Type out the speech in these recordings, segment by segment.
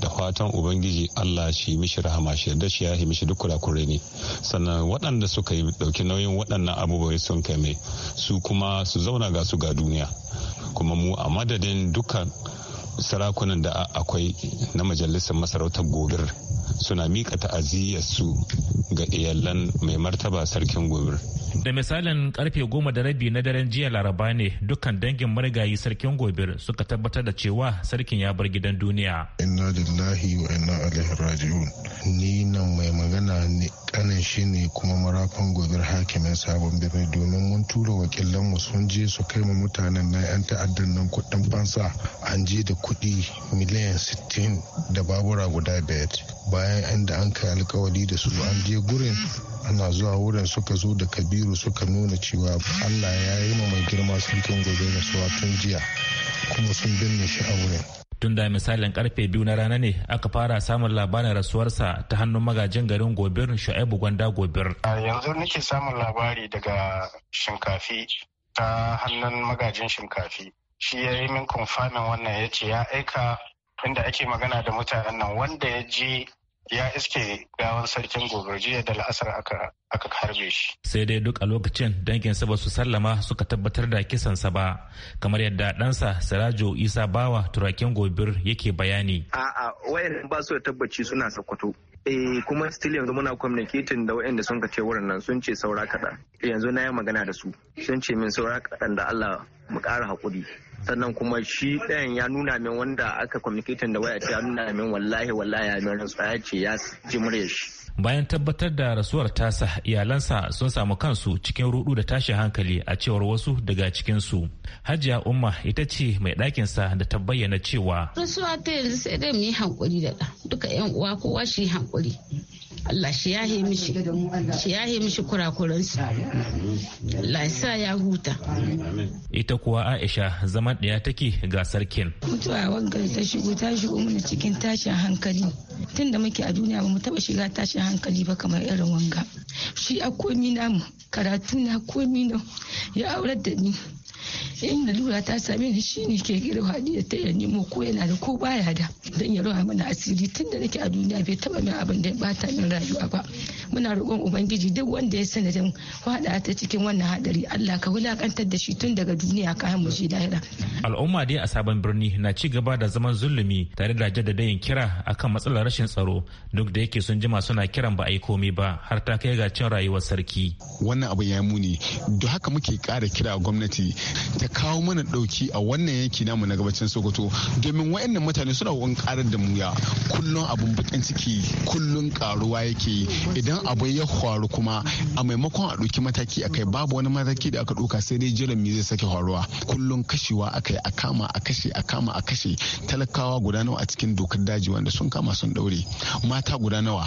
da fatan ubangiji allah shi mishi rahama shi yarda shi yahi mishi duk kurakure ne sannan waɗanda suka yi ɗauki nauyin waɗannan abubuwa sun kai mai su kuma su zauna ga su ga duniya kuma mu a madadin dukkan sarakunan da akwai na majalisar masarautar gobir suna mika su ga iyalan mai martaba sarkin gobir da misalin karfe goma da rabi na daren jiya laraba ne dukkan dangin marigayi sarkin gobir suka tabbatar da cewa sarkin ya bar gidan duniya inna lillahi wa inna ni nan mai magana ne kanin shi ne kuma marafan gobir hakimin sabon birni domin mun tura wakilan mu sun je su kai mu mutanen na yan ta'addan nan kuɗin fansa an je da kuɗi miliyan 60 da babura guda biyar bayan inda an kai alkawari da su an je gurin ana zuwa wurin suka zo da kabiru suka nuna cewa allah ya yi ma mai girma kan gobe da suwa tun jiya kuma sun binne shi a wurin tun da misalin karfe biyu na rana ne aka fara samun labarin rasuwarsa ta hannun magajin garin gobir shu'aibu gwanda gobir yanzu nake samun labari daga shinkafi ta hannun magajin shinkafi shi ya yi min wannan ya ce ya aika inda ake magana da mutanen nan wanda ya je ya iske gawan sarkin gobe jiya da la'asar aka harbe shi. Sai dai duk a lokacin danginsa ba su sallama suka tabbatar da kisan sa ba kamar yadda ɗansa Sirajo Isa Bawa turakin gobir yake bayani. A'a wayan ba su da tabbaci suna sakwato. Eh kuma still yanzu muna communicating da wayanda sun kace wurin nan sun ce saura kaɗan. Yanzu na yi magana da su. Sun ce min saura kaɗan da Allah mu ƙara haƙuri. sannan kuma shi ɗayan ya nuna min wanda aka communicating da waya ya nuna min wallahi wallahi ya min rantsuwa ya ce ya ji shi bayan tabbatar da rasuwar tasa iyalansa sun samu kansu cikin rudu da tashi hankali a cewar wasu daga cikinsu hajiya umma ita ce mai sa da ta bayyana cewa rasuwa ta yanzu sai dai mu yi hankuri da duka yan uwa kowa shi hankuri Allah shi ya mishi shi yahe mishi kurakuransu Allah ya sa ya huta ita kuwa Aisha zama zaman take ga sarkin. Mutuwa wangar ta shigo ta shigo mana cikin tashin hankali. Tun da muke a duniya ba mu taɓa shiga tashin hankali ba kamar irin wanga. Shi a komi namu karatu na komi na ya aurar da ni in lura ta same ni shine ke gida hadiya ta ya nemo ko yana da ko baya da dan ya rawa mana asiri tunda nake a duniya bai taba min abin da ya bata min rayuwa ba muna roƙon ubangiji duk wanda ya sanadin hada ta cikin wannan hadari Allah ka wulakantar da shi tun daga duniya ka mu shi lahira al'umma dai a sabon birni na ci gaba da zaman zulumi tare da jaddadayin kira akan matsalar rashin tsaro duk da yake sun jima suna kiran ba a yi komai ba har ta kai ga cin rayuwar sarki wannan abu ya muni da haka muke kara kira gwamnati ta kawo mana dauki a wannan yanki namu na gabacin sokoto domin wayannan mutane suna wani karar da muya kullum abun bakin ciki kullum karuwa yake idan abu ya faru kuma a maimakon a ɗauki mataki akai babu wani mataki da aka ɗauka sai dai jiran zai saki faruwa kullum kashewa akai a kama a kashe a kama a kashe talakawa guda nawa a cikin dokar daji wanda sun kama sun daure mata guda nawa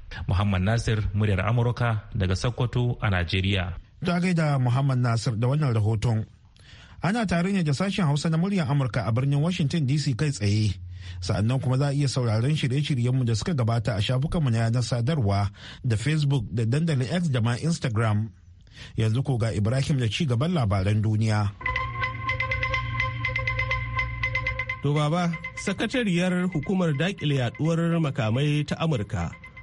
Muhammad Nasir muryar Amurka daga Sokoto a Najeriya. Da gaida Muhammad Nasir da wannan rahoton. Ana tare ne da sashen Hausa na muryar Amurka a birnin Washington DC kai tsaye. Sa'annan kuma za a iya sauraron shirye-shiryenmu da suka gabata a shafukanmu na yanar sadarwa da Facebook da dandalin X da ma Instagram. Yanzu ko ga Ibrahim da ci gaban labaran duniya. To baba, sakatariyar hukumar daƙile yaduwar makamai ta Amurka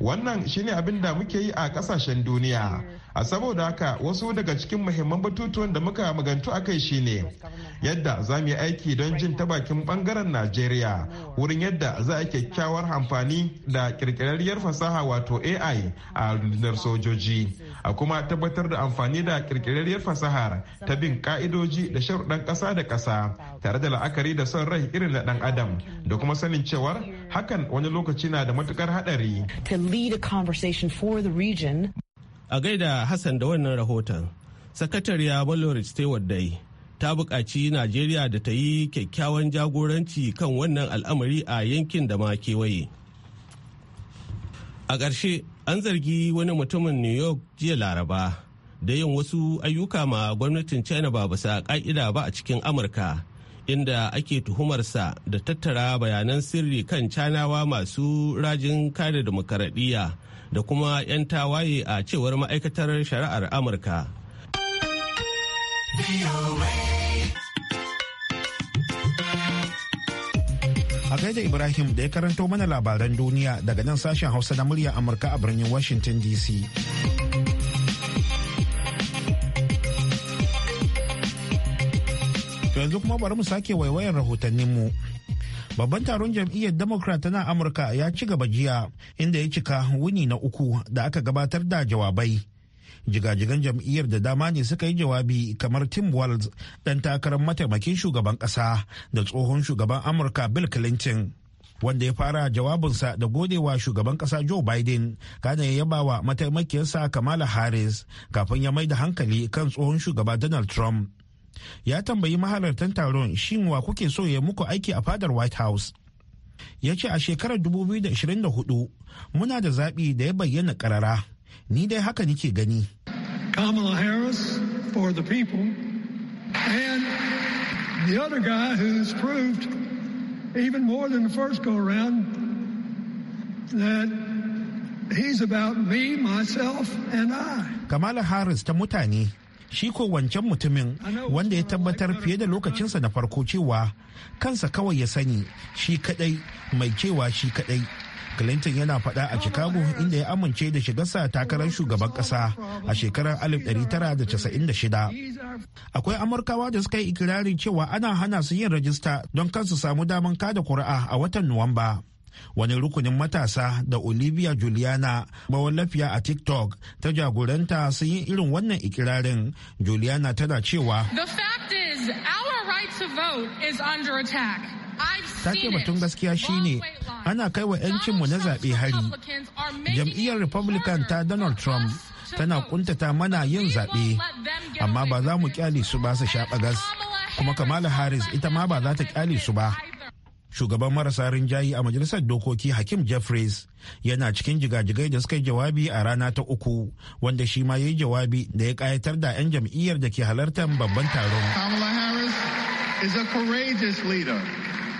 wannan shine abin da muke yi a kasashen duniya a saboda haka wasu daga cikin muhimman batutuwan da muka magantu akai shine yadda za mu yi aiki don jin ta bakin bangaren najeriya wurin yadda za a kyakkyawar amfani da kirkirarriyar fasaha wato ai a rundunar sojoji a kuma tabbatar da amfani da kirkirarriyar fasaha ta bin ka'idoji da sharuɗan ƙasa da ƙasa tare da la'akari da son rai irin na ɗan adam da kuma sanin cewar hakan wani lokaci na da matukar haɗari. A gaida Hassan da wannan rahoton, Sakatariya Balorit Stewart Day ta buƙaci Najeriya da ta yi kyakkyawan jagoranci kan wannan al'amari a yankin da ma kewaye. A ƙarshe, an zargi wani mutumin new york jiya laraba da yin wasu ayyuka ma gwamnatin china ba bisa ka'ida ba a cikin amurka inda ake tuhumarsa da tattara bayanan sirri kan canawa masu rajin kare demokaradiyya da kuma 'yan tawaye a cewar ma'aikatar shari'ar amurka. A da Ibrahim da ya karanto mana labaran duniya daga nan sashen Hausa na murya Amurka a birnin Washington DC. Yanzu kuma bari mu sake waiwayan rahotanninmu. Babban taron jam'iyyar Democrat na Amurka ya ci gaba jiya inda ya cika wuni na uku da aka gabatar da jawabai. jigajigan jam'iyyar da dama ne suka yi jawabi kamar tim walz dan takarar mataimakin shugaban kasa da tsohon shugaban amurka bill clinton wanda ya fara jawabinsa da godewa shugaban kasa joe biden kada ya yaba wa mataimakiyarsa kamala harris kafin ya mai da hankali kan tsohon shugaba donald trump ya tambayi mahalartan taron shin wa kuke so ya muku aiki a fadar white house ya ce a shekarar 2024 muna da zaɓi da ya bayyana ƙarara ni dai haka nike gani Kamala Harris for the people and the other guy who's proved even more than the first go around that he's about me, myself and I. Kamala Harris ta mutane shi ko wancan mutumin wanda ya tabbatar fiye da lokacinsa na farko cewa kansa kawai ya sani shi kadai mai cewa shi kadai. clinton yana faɗa a chicago inda ya amince da shigarsa takarar shugaban ƙasa a shekarar 1996 akwai amurkawa da suka yi ikirarin cewa ana hana su yin rajista don kansu samu daman kada kuri'a a watan nuwamba wani rukunin matasa da olivia juliana mawallafiya a tiktok ta jagoranta sun yi irin wannan ikirarin juliana tana cewa the fact is our right to vote is under attack sake batun gaskiya shine ana kai wa 'yancinmu na zaɓe hari jam'iyyar republican ta donald trump tana kuntata mana yin zaɓe amma ba za mu kyale su ba su shaɓa gas kuma kamala harris ita ma ba za ta kyale su ba shugaban marasa rinjayi a majalisar dokoki hakim jeffries yana cikin jigajigai da suka yi jawabi a rana ta uku wanda shi ma ya yi jawabi da ya kayatar da 'yan jam'iyyar da ke halartar babban taron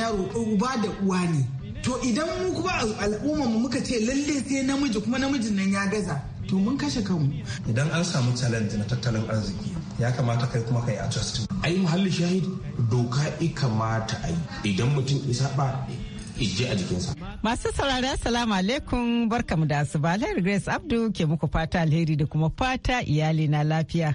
yaro uba da uwa ne to idan mu kuma al'umma mu muka ce lalle sai namiji kuma namijin nan ya gaza to mun kashe kanmu idan an samu challenge na tattalin arziki ya kamata kai kuma kai adjust ai muhalli shahid doka i kamata ai idan mutum isa ba ije a jikinsa Masu saurara assalamu alaikum barkamu da asuba lahir Grace Abdu ke muku fata alheri da kuma fata iyali na lafiya.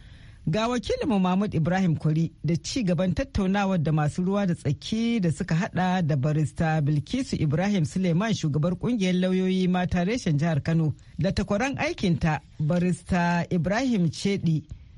Ga wakilinmu Mahmud Ibrahim kuri da ci gaban tattaunawar da masu ruwa da tsaki da suka hada da barista Bilkisu Ibrahim Suleiman shugabar kungiyar lauyoyi mata reshen jihar Kano da takwaran aikinta barista Ibrahim Chedi.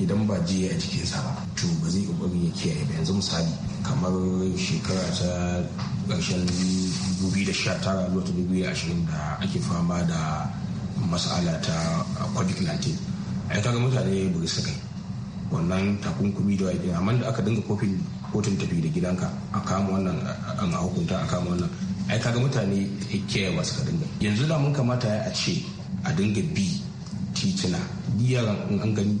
idan ba jiya a jikinsa ba to ba zai kokari ya kiyaye ba yanzu misali kamar shekara ta ƙarshen 2019 zuwa ta 2020 da ake fama da mas'ala ta covid-19 ai kaga mutane ba su kai wannan takunkumi da wajen amma da aka dinga kofin kotun tafi da gidanka a kama wannan an a hukunta a kama wannan ai kaga mutane kiyaye ba suka dinga yanzu da mun kamata a ce a dinga bi titina biyar an gani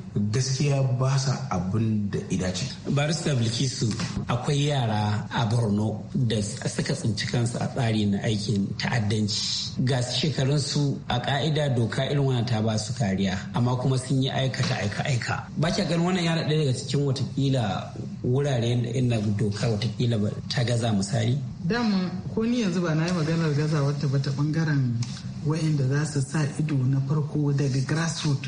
gaskiya ba sa abin da idace. barista bilkisu akwai yara a borno da suka tsinci kansu a tsari na aikin ta'addanci ga su a ka'ida doka irin wannan ta ba su kariya amma kuma sun yi aikata aika aika ba ki ganin wannan yara ɗaya daga cikin watakila wurare inda doka watakila ta gaza misali dama ko ni yanzu ba na yi maganar ba ta bata bangaren wayanda za su sa ido na farko daga grassroots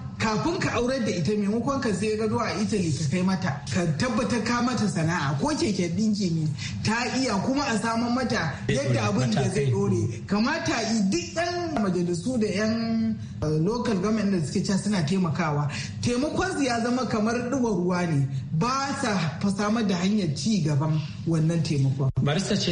kafin ka aurar da ita maimakon ka sai gado a italy ka kai mata ka tabbatar ka mata sana'a ko keke dinki ne ta iya kuma a samun mata eh, yadda abin da zai dore kamata duk yan majalisu da yan uh, local government da suke cewa suna taimakawa taimakon su ya zama kamar ɗuwa ruwa ne ba sa samar da hanyar ci gaban wannan taimakon barista ce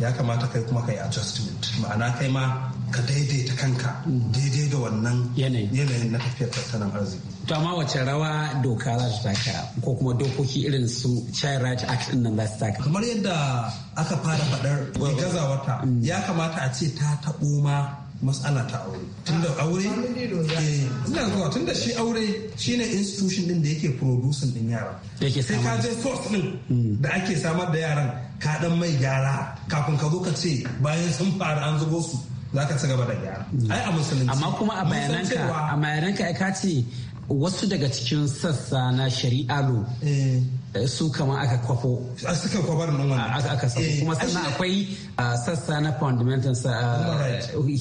ya kamata kai kuma kai adjustment ma'ana kai ma ka daidaita kanka daidai da wannan yanayin na tafiyar tattalin arziki to amma wace rawa doka za su taka ko kuma dokoki irin su child right act din nan za su taka kamar yadda aka fara faɗar gazawarta ya kamata a ce ta taɓo ma matsala ta aure tunda aure eh, ina zuwa tunda shi aure shine institution din da yake producing din yara sai ka je din hmm. da ake samar da yaran ka dan mai gyara kafin ka zo ka ce bayan sun fara an zubo su za ka ci gaba da gyara hmm. ai a musulunci amma kuma a bayananka a bayananka ka ce wasu daga cikin sassa na shari'a lo eh. Eh, su kama aka kwafo ah, suka kwabar nan wannan ah, aka sa eh, kuma sannan akwai ah, sassa na fundamental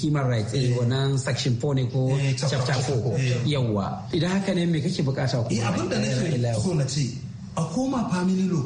human rights eh, eh. wannan section 4 ne ko chapter 4 yawa idan haka ne me kake bukata ku abin da nake so na ce a koma family law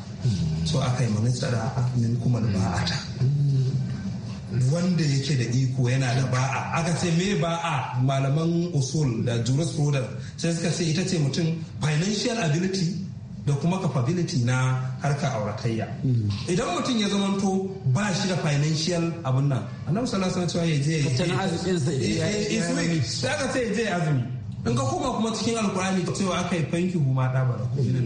so aka yi a min kuma ba'ata wanda yake da iko yana da ba'a aka ce me ba'a malaman usul da jurisprudence sai suka ce ita ce mutum financial ability da kuma capability na harka auratayya idan mutum ya to ba shi da financial abun nan annabi sallallahu alaihi wasallam ya je tattalin arzikin sa ya ya je azumi in ka koma kuma cikin alkurani cewa aka yi fanki huma da ba da kuma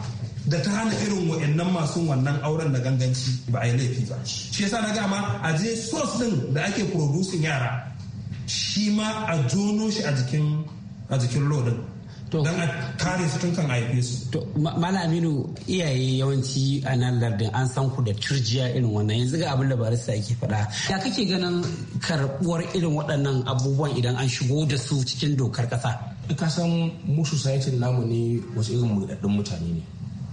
da ta hana irin wa'annan masu wannan auren na ganganci ba a yi laifi ba shi yasa na gama a je sos din da ake producing yara shi ma a jono shi a jikin a jikin lodin don a kare su tun kan haife su. Mala Aminu iyaye yawanci a nan lardin an san ku da turjiya irin wannan yanzu ga abin da su yake faɗa. Ya kake ganin karɓuwar irin waɗannan abubuwan idan an shigo da su cikin dokar ƙasa? Ka san mu society namu ne wasu irin mutane ne.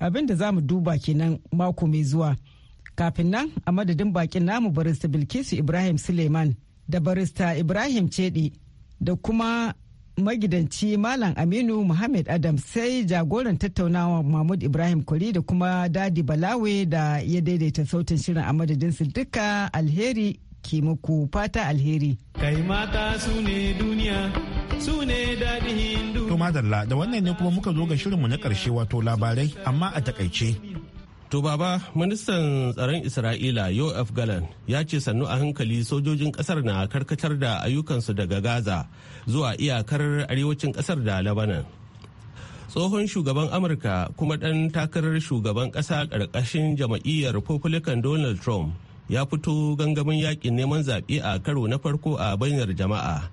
abin da za mu duba kenan mako mai zuwa kafin nan a madadin bakin namu barista bilkisu ibrahim suleiman da barista ibrahim cedi da kuma magidanci malam aminu muhammad adam sai jagoran tattaunawa mahmud ibrahim kuri da kuma dadi balawe da ya daidaita sautin shirin a su duka alheri ke muku fata alheri kai mata su ne duniya su ne daɗin hindu. To madalla da wannan ne kuma muka zo ga shirinmu na ƙarshe wato labarai amma a takaice. To baba ministan tsaron Isra'ila Yoav Galan ya ce sannu a hankali sojojin kasar na karkatar da ayyukansu daga Gaza zuwa iyakar arewacin kasar da Lebanon. Tsohon shugaban Amurka kuma ɗan takarar shugaban ƙasa ƙarƙashin jama'iyyar Republican Donald Trump ya fito gangamin yaƙin neman zaɓe a karo na farko a bayyanar jama'a